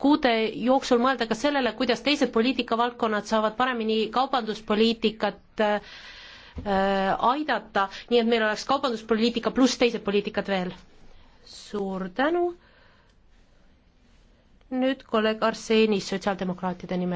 kuude jooksul mõelda ka sellele, kuidas teised poliitikavaldkonnad saavad paremini kaubanduspoliitikat äh, aidata, nii et meil oleks kaubanduspoliitika pluss teised poliitikad veel. suur tänu. nüüd kolleeg Arsenis sotsiaaldemokraatide nimel.